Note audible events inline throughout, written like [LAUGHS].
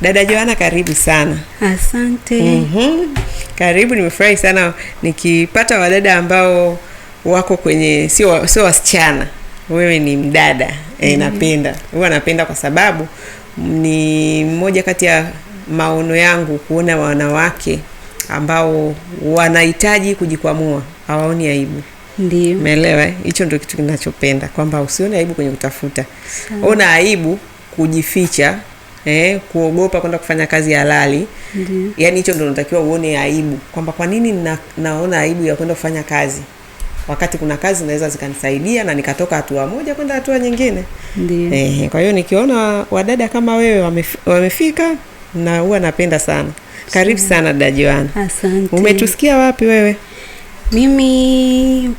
Dada Joana, karibu sana. Asante. mm -hmm. Karibu, nimefurahi sana nikipata wadada ambao wako kwenye sio sio wasichana. Wewe ni mdada. mm -hmm. E, napenda huwa napenda kwa sababu ni mmoja kati ya maono yangu kuona wanawake ambao wanahitaji kujikwamua hawaoni aibu. Ndio. Umeelewa? Hicho ndio kitu kinachopenda kwamba usione aibu kwenye kutafuta. Ona aibu kujificha eh, kuogopa kwenda kufanya kazi halali. ndio. Yani hicho ndio unatakiwa uone aibu kwamba kwa nini na, naona aibu ya kwenda kufanya kazi wakati kuna kazi zinaweza zikanisaidia na nikatoka hatua moja kwenda hatua nyingine. Eh, kwa hiyo nikiona wadada kama wewe wamefika na huwa napenda sana. Karibu sana dada Joana. Asante. Umetusikia wapi wewe? Mimi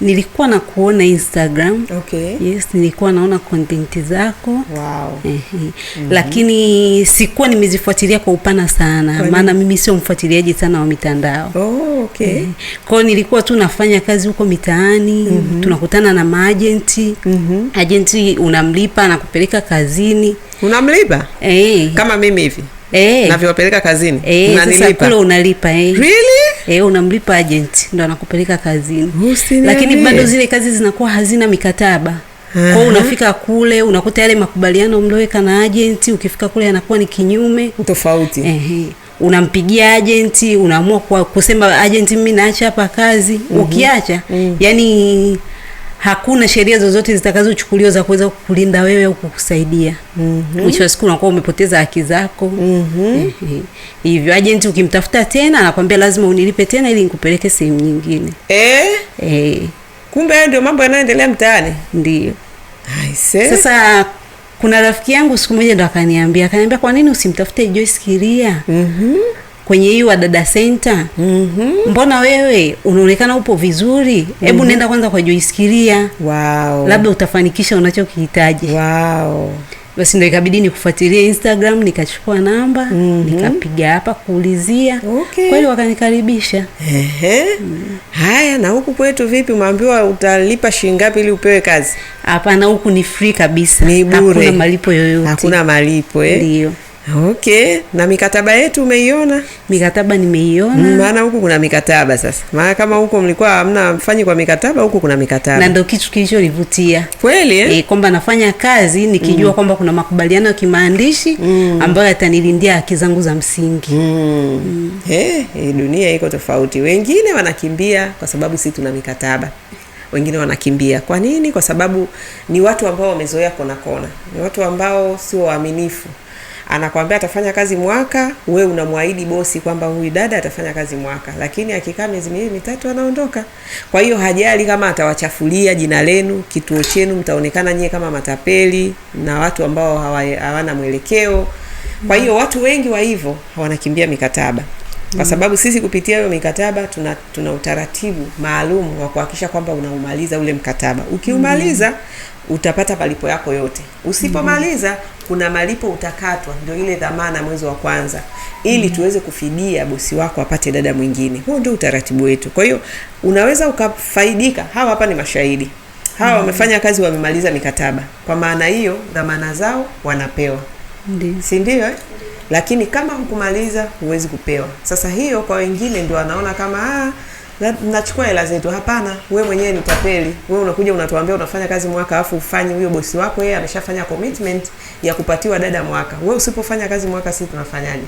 nilikuwa na kuona Instagram. Okay. Yes, nilikuwa naona content zako. Wow. Mm -hmm. Lakini sikuwa nimezifuatilia kwa upana sana, maana mimi sio mfuatiliaji sana wa mitandao. Oh, okay. kwa nilikuwa tu nafanya kazi huko mitaani. mm -hmm. Tunakutana na maajenti. mm -hmm. Ajenti unamlipa na kupeleka kazini, unamlipa eh. Kama mimi hivi eh, navyowapeleka kazini eh, sasa unalipa eh. Really? Eh, unamlipa agent ndo anakupeleka kazini Usine lakini bado zile kazi zinakuwa hazina mikataba kwao Kwa unafika kule unakuta yale makubaliano mlioweka na agent, ukifika kule anakuwa ni kinyume tofauti. unampigia agent, unaamua kusema agent, mimi naacha hapa kazi. Mhm. Ukiacha mhm. yani hakuna sheria zozote zitakazochukuliwa za kuweza kukulinda wewe au kukusaidia. mm -hmm. Mwisho wa siku unakuwa umepoteza haki zako. mm -hmm. Hivyo ajenti ukimtafuta tena anakwambia lazima unilipe tena ili nikupeleke sehemu nyingine. Eh? Eh. Kumbe hayo ndio mambo yanayoendelea mtaani. Ndio. Sasa kuna rafiki yangu siku moja ndo akaniambia, akaniambia kwa nini usimtafute Joyce Kiria? mm -hmm kwenye hii Wadada Center. mm -hmm. Mbona wewe unaonekana upo vizuri? Hebu mm -hmm. nenda kwanza kwa Joyce Wow. Labda utafanikisha unachokihitaji. Wow. Basi ndo ikabidi nikufuatilie Instagram, nikachukua namba mm -hmm. nikapiga hapa kuulizia. okay. Kweli wakanikaribisha. Ehe. Mm. Haya, na huku kwetu vipi? Umeambiwa utalipa shilingi ngapi ili upewe kazi? Hapana, huku ni free kabisa, ni bure, hakuna malipo yoyote, hakuna malipo eh? Ndio. Okay, na mikataba yetu umeiona? Mikataba nimeiona. Mm, maana huku kuna mikataba sasa. Maana kama huko mlikuwa hamna mfanyi kwa mikataba, huku kuna mikataba. Na ndio kitu kilichonivutia. Kweli eh? E, kwamba nafanya kazi nikijua mm. kwamba kuna makubaliano ya kimaandishi mm. ambayo yatanilindia haki zangu za msingi. Mm. Mm. Eh, dunia iko tofauti. Wengine wanakimbia kwa sababu si tuna mikataba wengine wanakimbia. Kwa nini? Kwa sababu ni watu ambao wamezoea kona kona, ni watu ambao sio waaminifu anakwambia atafanya kazi mwaka, we unamwahidi bosi kwamba huyu dada atafanya kazi mwaka, lakini akikaa miezi miwili mitatu anaondoka. Kwa hiyo hajali kama atawachafulia jina lenu, kituo chenu, mtaonekana nyie kama matapeli na watu ambao hawana mwelekeo. Kwa hiyo watu wengi wa hivyo wanakimbia mikataba kwa mm. sababu sisi kupitia hiyo mikataba tuna, tuna utaratibu maalum wa kuhakikisha kwamba unaumaliza ule mkataba. Ukiumaliza mm. utapata malipo yako yote, usipomaliza kuna malipo utakatwa, ndio ile dhamana mwezi wa kwanza, ili mm tuweze kufidia bosi wako apate dada mwingine. Huo ndio utaratibu wetu. Kwa hiyo unaweza ukafaidika. Hawa hapa ni mashahidi, hawa mm. wamefanya mm kazi, wamemaliza mikataba, kwa maana hiyo dhamana zao wanapewa, si ndio eh? Lakini kama hukumaliza huwezi kupewa. Sasa hiyo kwa wengine ndio wanaona kama ah, nachukua hela zetu. Hapana, we mwenyewe ni tapeli. We unakuja unatuambia unafanya kazi mwaka afu ufanye huyo bosi wako, yeye ameshafanya commitment ya kupatiwa dada mwaka. We usipofanya kazi mwaka, sisi tunafanyaje?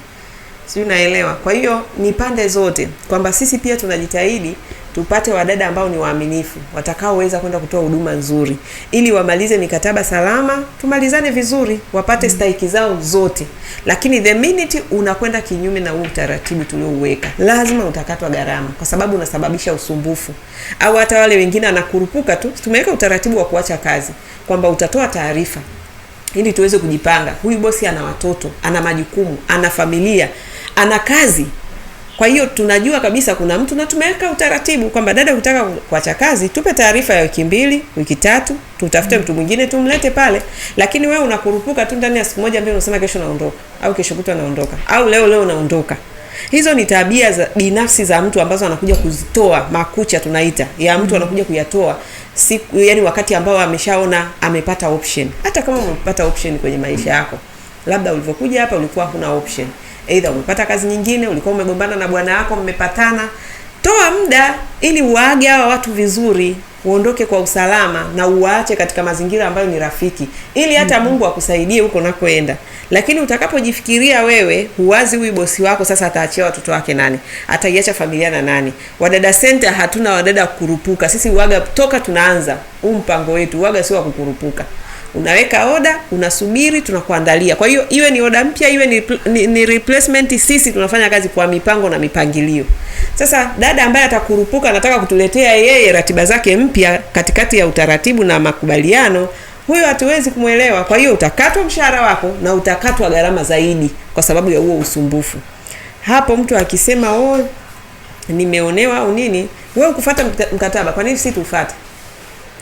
sijui naelewa. Kwa hiyo ni pande zote kwamba sisi pia tunajitahidi tupate wadada ambao ni waaminifu watakaoweza kwenda kutoa huduma nzuri, ili wamalize mikataba salama, tumalizane vizuri, wapate mm, stahiki zao zote. Lakini the minute unakwenda kinyume na huu utaratibu tuliouweka, lazima utakatwa gharama, kwa sababu unasababisha usumbufu, au hata wale wengine anakurupuka tu. Tumeweka utaratibu wa kuacha kazi kwamba utatoa taarifa ili tuweze kujipanga. Huyu bosi ana watoto, ana majukumu, ana familia ana kazi. Kwa hiyo tunajua kabisa kuna mtu na tumeweka utaratibu kwamba dada, ukitaka kuacha kazi tupe taarifa ya wiki mbili, wiki tatu, tutafute mtu mwingine tumlete pale. Lakini wewe unakurupuka tu ndani ya siku moja mbili, unasema kesho naondoka au kesho kutwa naondoka au leo leo naondoka. Hizo ni tabia za binafsi za mtu ambazo anakuja kuzitoa, makucha tunaita ya mtu anakuja kuyatoa siku, yani wakati ambao ameshaona amepata option. Hata kama umepata option kwenye maisha yako, labda ulivyokuja hapa ulikuwa huna option Either umepata kazi nyingine, ulikuwa umegombana na bwana wako, mmepatana. Toa muda ili uwaage hawa watu vizuri, uondoke kwa usalama na uwaache katika mazingira ambayo ni rafiki, ili hata mm-hmm. Mungu akusaidie huko nakoenda Lakini utakapojifikiria wewe, huwazi huyu bosi wako sasa ataachia watoto wake nani? Ataiacha familia na nani? Wadada Center hatuna wadada kukurupuka sisi. Uwaga toka tunaanza huu mpango wetu, uwaga sio wa kukurupuka unaweka oda, unasubiri, tunakuandalia. Kwa hiyo iwe ni oda mpya, iwe ni, ni, ni replacement, sisi tunafanya kazi kwa mipango na mipangilio. Sasa dada ambaye atakurupuka anataka kutuletea yeye ratiba zake mpya katikati ya utaratibu na makubaliano huyo hatuwezi kumwelewa. Kwa hiyo utakatwa mshahara wako na utakatwa gharama zaidi kwa sababu ya huo usumbufu. Hapo mtu akisema oh, nimeonewa au nini, wewe ukufuata mkataba, kwa nini si tufuate?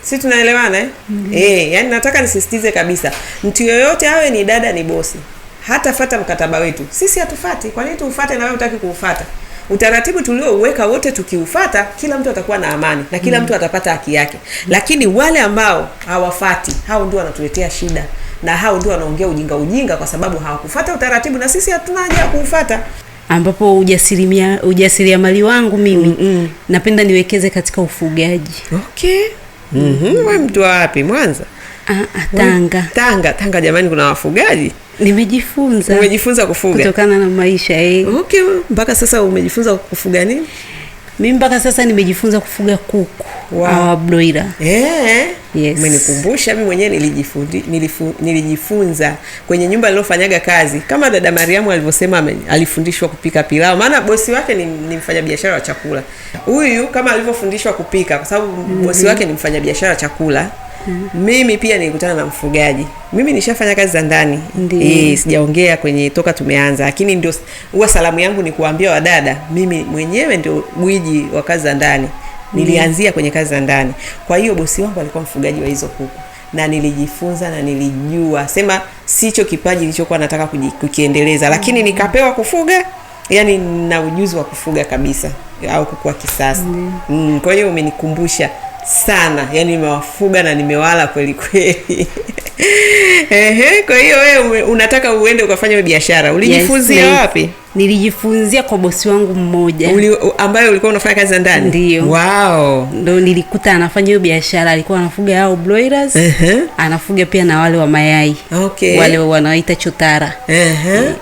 si tunaelewana eh? mm -hmm. E, yani nataka nisisitize kabisa, mtu yoyote awe ni dada ni bosi, hata fata mkataba wetu sisi, hatufati. Kwa nini tuufate na wewe utaki kuufata? Utaratibu tuliouweka wote tukiufata, kila mtu atakuwa na amani na kila mm -hmm. mtu atapata haki yake mm -hmm. lakini wale ambao hawafati, hao ndio wanatuletea shida na hao ndio wanaongea ujinga ujinga, kwa sababu hawakufata utaratibu na sisi hatuna haja ya kuufata ambapo ujasiriamali wangu mimi mm hmm napenda niwekeze katika ufugaji. Okay mm -hmm. We mtu wa wapi? Ah, ah, Mwanza? Tanga. Tanga, Tanga jamani, kuna wafugaji. Nimejifunza. Umejifunza kufuga kutokana na maisha eh. Okay, mpaka sasa umejifunza kufuga nini? Mimi mpaka sasa nimejifunza kufuga kuku wow. broiler. Eh. Yes. Umenikumbusha mimi mwenyewe nilijifundi nilifu, nilijifunza kwenye nyumba nilofanyaga kazi kama dada Mariamu alivyosema alifundishwa kupika pilau, maana bosi wake ni, ni mfanyabiashara wa chakula. Huyu kama alivyofundishwa kupika kwa sababu mm -hmm. bosi mm-hmm. wake ni mfanyabiashara wa chakula mm Mimi pia nilikutana na mfugaji. Mimi nishafanya kazi za ndani e, sijaongea kwenye toka tumeanza, lakini ndio huwa salamu yangu ni kuambia wadada, mimi mwenyewe ndio gwiji wa kazi za ndani mm-hmm. nilianzia kwenye kazi za ndani. Kwa hiyo bosi wangu alikuwa mfugaji wa hizo kuku, na nilijifunza na nilijua, sema sicho kipaji nilichokuwa nataka kukiendeleza, mm-hmm. lakini nikapewa kufuga, yani na ujuzi wa kufuga kabisa, au kukua kisasa mm. Mm, kwa hiyo umenikumbusha sana, yani nimewafuga na nimewala kweli kweli. [LAUGHS] Ehe, kwa hiyo wewe unataka uende ukafanya biashara, ulijifunzia yes, wapi? Nilijifunzia kwa bosi wangu mmoja Uli, ambayo ulikuwa unafanya kazi za ndani. Ndio, wow, ndo nilikuta anafanya hiyo biashara. Alikuwa anafuga hao broilers uh -huh. anafuga pia na wale wa mayai okay. wale wanaoita chotara uh -huh. e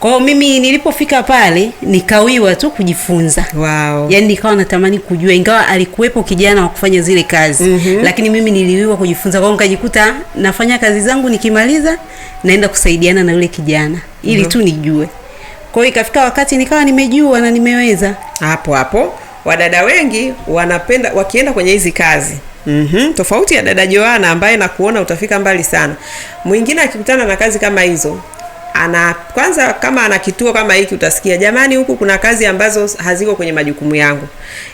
kwa mimi nilipofika pale nikawiwa tu kujifunza. Wow. Yaani nikawa natamani kujua ingawa alikuwepo kijana wa kufanya zile kazi. Mm -hmm. Lakini mimi niliwiwa kujifunza kwa nikajikuta nafanya kazi zangu nikimaliza naenda kusaidiana na yule kijana ili mm -hmm. tu nijue. Kwa hiyo ikafika wakati nikawa nimejua na nimeweza. Hapo hapo wadada wengi wanapenda wakienda kwenye hizi kazi. Mm -hmm. Tofauti ya dada Joana ambaye nakuona utafika mbali sana. Mwingine akikutana na kazi kama hizo ana kwanza, kama ana kituo kama hiki, utasikia jamani, huku kuna kazi ambazo haziko kwenye majukumu yangu.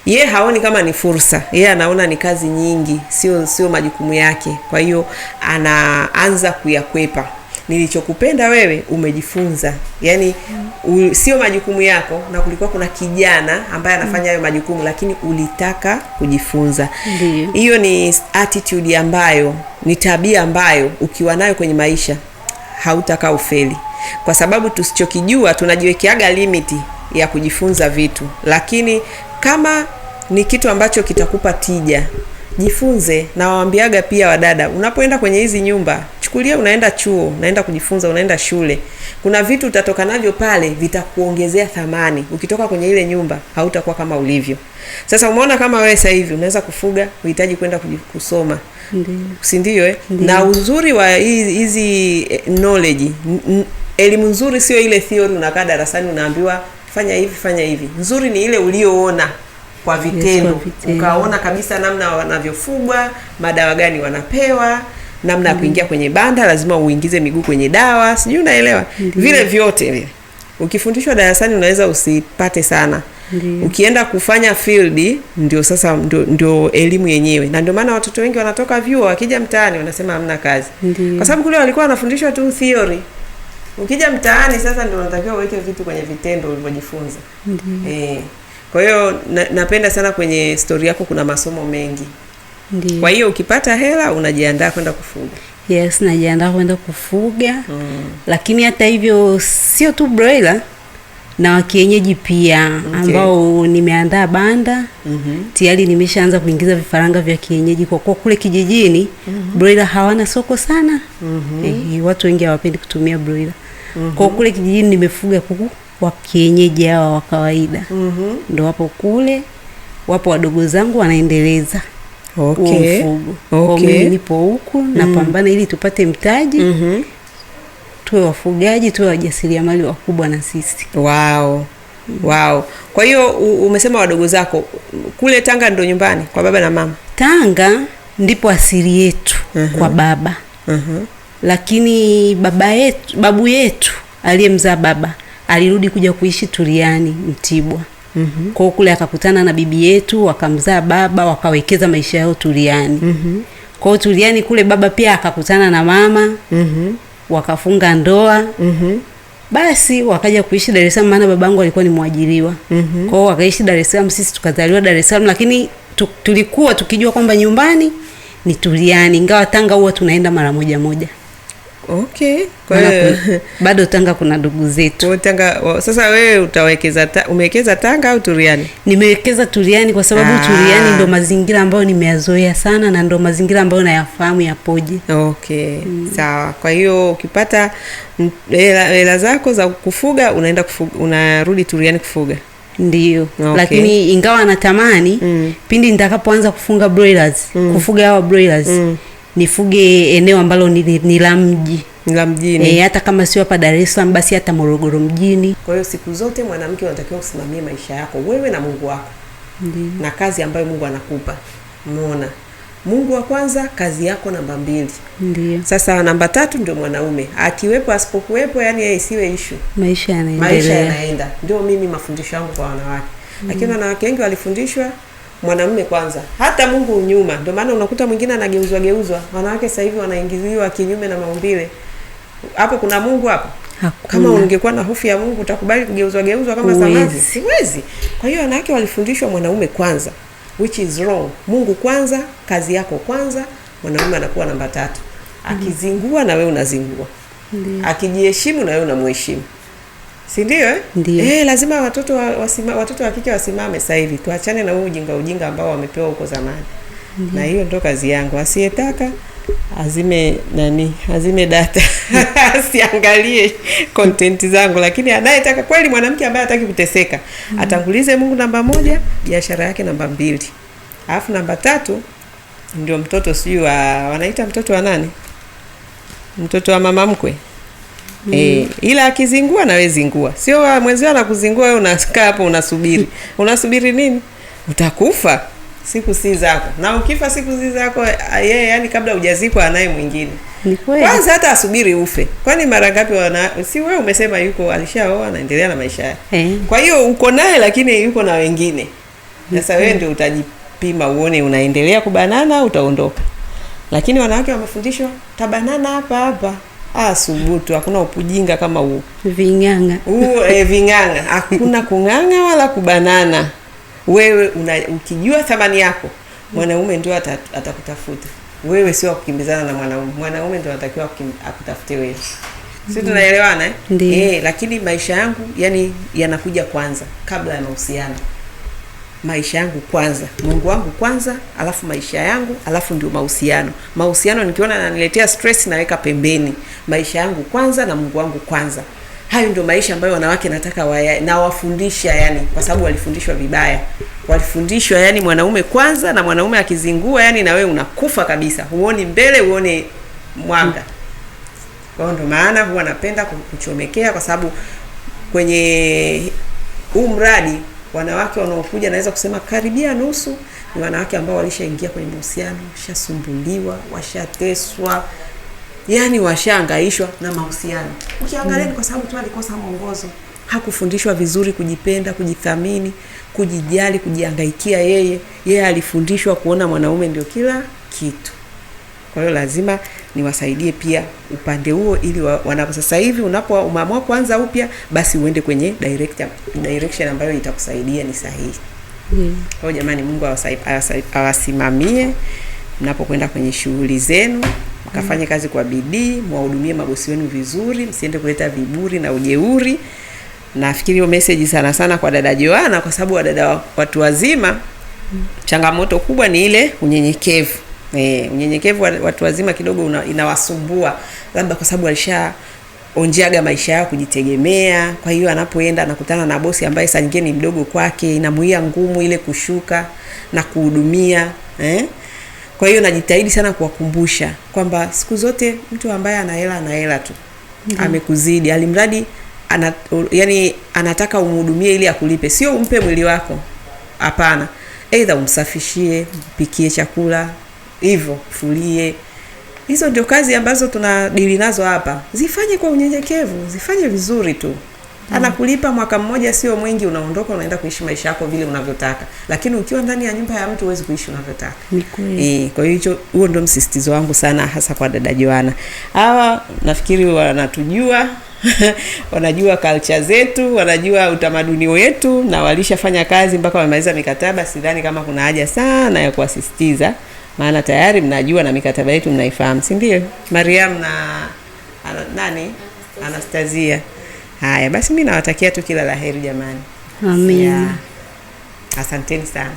Ye haoni kama ni fursa, ye anaona ni kazi nyingi, sio sio majukumu yake. Kwa hiyo anaanza kuyakwepa. Nilichokupenda wewe umejifunza, yani u, sio majukumu yako, na kulikuwa kuna kijana ambaye anafanya hayo majukumu, lakini ulitaka kujifunza. Hiyo ni attitude ambayo ni tabia ambayo ukiwa nayo kwenye maisha hautaka ufeli kwa sababu tusichokijua tunajiwekeaga limiti ya kujifunza vitu, lakini kama ni kitu ambacho kitakupa tija jifunze. Na waambiaga pia wadada, unapoenda kwenye hizi nyumba, chukulia unaenda chuo, unaenda kujifunza, unaenda shule, kuna vitu utatoka navyo pale vitakuongezea thamani. Ukitoka kwenye ile nyumba hautakuwa kama ulivyo sasa. Umeona kama wewe sasa hivi unaweza kufuga, uhitaji kwenda kusoma, si ndio eh? na uzuri wa hizi eh, knowledge Elimu nzuri sio ile theory, unakaa darasani unaambiwa fanya hivi fanya hivi. Nzuri ni ile ulioona kwa vitendo, yes, ukaona kabisa namna wanavyofugwa, madawa gani wanapewa, namna ya mm. kuingia kwenye banda, lazima uingize miguu kwenye dawa, sijui unaelewa. Vile vyote vile ukifundishwa darasani unaweza usipate sana. Ndiyo. Ukienda kufanya field ndio sasa ndio, ndio elimu yenyewe, na ndio maana watoto wengi wanatoka vyuo wakija mtaani wanasema hamna kazi. Ndiyo. Kwa sababu kule walikuwa wanafundishwa tu theory. Ukija mtaani sasa ndio unatakiwa uweke vitu kwenye vitendo ulivyojifunza. Eh. Kwa hiyo na, napenda sana kwenye story yako kuna masomo mengi. Ndiyo. Kwa hiyo ukipata hela unajiandaa kwenda kufuga. Yes, najiandaa kwenda kufuga. Mm. Lakini hata hivyo sio tu broiler na wakienyeji pia okay, ambao nimeandaa banda mm -hmm. Tayari nimeshaanza kuingiza vifaranga vya kienyeji kwa kuwa kule kijijini mm -hmm. broiler hawana soko sana mm -hmm. Eh, watu wengi hawapendi kutumia broiler mm -hmm. Kwa kule kijijini nimefuga kuku wa kienyeji hawa wa kawaida mm -hmm. Ndo wapo kule, wapo wadogo zangu wanaendeleza okay. mfugo okay. Mimi nipo huku mm -hmm. ili tupate mtaji mm -hmm. tuwe wafugaji, tuwe wajasiriamali wakubwa na sisi wow. Mm. Wow. Kwa hiyo umesema wadogo zako kule Tanga ndo nyumbani kwa baba na mama? Tanga ndipo asili yetu uh mhm. -huh. kwa baba uh mhm. -huh lakini baba yetu, babu yetu aliyemzaa baba alirudi kuja kuishi Tuliani Mtibwa. Mm -hmm. Kwa kule akakutana na bibi yetu wakamzaa baba wakawekeza maisha yao Tuliani. Mm -hmm. Kwa Tuliani kule baba pia akakutana na mama. Mm -hmm. Wakafunga ndoa. Mm -hmm. Basi wakaja kuishi Dar es Salaam, maana babangu alikuwa ni mwajiriwa. Mm -hmm. kwao wakaishi Dar es Salaam, sisi tukazaliwa Dar es Salaam, lakini tu, tulikuwa tukijua kwamba nyumbani ni Tuliani, ingawa Tanga huwa tunaenda mara moja moja. Okay, kwa hiyo bado Tanga kuna ndugu zetu Tanga. Sasa wewe utawekeza ta, umewekeza Tanga au Turiani? Nimewekeza Turiani kwa sababu Aa. Ah. Turiani ndo mazingira ambayo nimeyazoea sana na ndo mazingira ambayo nayafahamu yapoje. Okay, mm. Sawa. Kwa hiyo ukipata hela zako za kufuga unaenda kufuga, unarudi Turiani kufuga ndio. Okay. Lakini ingawa natamani mm. pindi nitakapoanza kufunga broilers mm. kufuga hawa broilers mm nifuge eneo ambalo ni, ni, ni la mji la mjini e, hata kama sio hapa Dar es Salaam basi hata Morogoro mjini. Kwa hiyo siku zote mwanamke unatakiwa kusimamia maisha yako wewe na Mungu wako Ndiyo. na kazi ambayo Mungu anakupa umeona. Mungu wa kwanza, kazi yako namba mbili. Ndiyo. Sasa namba tatu ndio mwanaume, akiwepo asipokuwepo, yani yeye isiwe issue, maisha yanaendelea, maisha yanaenda. Ndio mimi mafundisho yangu kwa wanawake, lakini mm. wanawake wengi walifundishwa mwanamume kwanza, hata Mungu nyuma. Ndio maana unakuta mwingine anageuzwa geuzwa. Wanawake sasa hivi wanaingiliwa kinyume na maumbile. Hapo kuna Mungu hapo? Kama ungekuwa na hofu ya Mungu utakubali kugeuzwa geuzwa kama samaki? Siwezi. Kwa hiyo wanawake walifundishwa mwanaume kwanza, which is wrong. Mungu kwanza, kazi yako kwanza, mwanaume anakuwa namba tatu. Mm-hmm. Akizingua na wewe unazingua. Akijiheshimu na wewe unamheshimu si ndio eh? Eh, lazima watoto wa, wasima, watoto wa kike wasimame sasa hivi, tuachane na huu ujinga ujinga ambao wamepewa huko zamani. Ndiyo. Na hiyo ndo kazi yangu, asiyetaka azime nani, azime data [LAUGHS] asiangalie content zangu, lakini anayetaka kweli, mwanamke ambaye hataki kuteseka mm atangulize Mungu namba moja, biashara yake namba mbili, alafu namba tatu ndio mtoto, sijui wa, wanaita mtoto wa nani, mtoto wa mama mkwe mm. E, ila akizingua nawe zingua, sio ah, mwenzio anakuzingua wewe unakaa hapo unasubiri [LAUGHS] unasubiri nini? Utakufa, siku si zako, na ukifa siku si zako ah, yeye. Yani kabla hujazikwa anaye mwingine kwanza, hata asubiri ufe. Kwani mara ngapi wana si wewe umesema yuko alishaoa anaendelea na maisha yake hey. Eh. Kwa hiyo uko naye lakini yuko na wengine sasa wewe ndio utajipima uone unaendelea kubanana, utaondoka. Lakini wanawake wamefundishwa tabanana hapa hapa. Ah, subutu, hakuna upujinga kama huo. Ving'ang'a. Uh, eh, ving'ang'a. Hakuna kung'ang'a wala kubanana. Wewe una, ukijua thamani yako, mwanaume ndio atakutafuta. Wewe sio kukimbizana na mwanaume. Mwanaume ndio anatakiwa akutafute wewe. Si mm. tunaelewana eh? Eh, lakini maisha yangu yani yanakuja kwanza kabla ya mahusiano maisha yangu kwanza, Mungu wangu kwanza, alafu maisha yangu, alafu ndio mahusiano. Mahusiano nikiona naniletea stress naweka pembeni, maisha yangu kwanza na Mungu wangu kwanza. Hayo ndio maisha ambayo wanawake nataka waya, na wafundisha yani, kwa sababu walifundishwa vibaya. Walifundishwa yani mwanaume kwanza, na mwanaume akizingua yani na wewe unakufa kabisa, huoni mbele, huone mwanga. Kwa ndio maana huwa napenda kuchomekea, kwa sababu kwenye huu mradi wanawake wanaokuja naweza kusema karibia nusu ni wanawake ambao walishaingia kwenye mahusiano, washasumbuliwa, washateswa, yani washaangaishwa na mahusiano. Ukiangalia ni kwa sababu tu alikosa mwongozo, hakufundishwa vizuri kujipenda, kujithamini, kujijali, kujiangaikia yeye. Yeye alifundishwa kuona mwanaume ndio kila kitu. Kwa hiyo lazima niwasaidie pia upande huo, ili wanapo sasa hivi unapo umeamua kuanza upya, basi uende kwenye direction, direction ambayo itakusaidia ni sahihi. Mm. Kwa hiyo jamani, Mungu awasimamie mnapokwenda kwenye shughuli zenu, mkafanye mm. kazi kwa bidii, mwahudumie mabosi wenu vizuri, msiende kuleta viburi na ujeuri. Nafikiri hiyo message sana sana kwa dada Joana, kwa sababu wadada watu wazima mm. changamoto kubwa ni ile unyenyekevu Eh, unyenyekevu wa watu wazima kidogo una, inawasumbua labda kwa sababu alisha onjeaga maisha yao kujitegemea. Kwa hiyo anapoenda anakutana na bosi ambaye saa nyingine ni mdogo kwake, inamuia ngumu ile kushuka na kuhudumia eh? Kwa hiyo najitahidi sana kuwakumbusha kwamba siku zote mtu ambaye ana hela ana hela tu mm -hmm. Amekuzidi alimradi ana, yani anataka umhudumie ili akulipe, sio umpe mwili wako, hapana. Aidha umsafishie, mpikie chakula hivyo fulie. Hizo ndio kazi ambazo tuna dili nazo hapa, zifanye kwa unyenyekevu, zifanye vizuri tu. Mm. Anakulipa mwaka mmoja sio mwingi, unaondoka unaenda kuishi maisha yako vile unavyotaka, lakini ukiwa ndani ya nyumba ya mtu huwezi kuishi unavyotaka. E, kwa hiyo huo ndio msisitizo wangu sana, hasa kwa dada Joana. Hawa nafikiri wanatujua [LAUGHS] wanajua culture zetu, wanajua utamaduni wetu, na walishafanya kazi mpaka wamemaliza mikataba. Sidhani kama kuna haja sana ya kuwasisitiza maana tayari mnajua na mikataba yetu mnaifahamu, si ndio? Mariam na ana, nani Anastasia, Haya basi, mimi nawatakia tu kila la heri jamani. Amina. Asanteni sana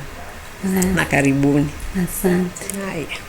na karibuni. Asante. Haya.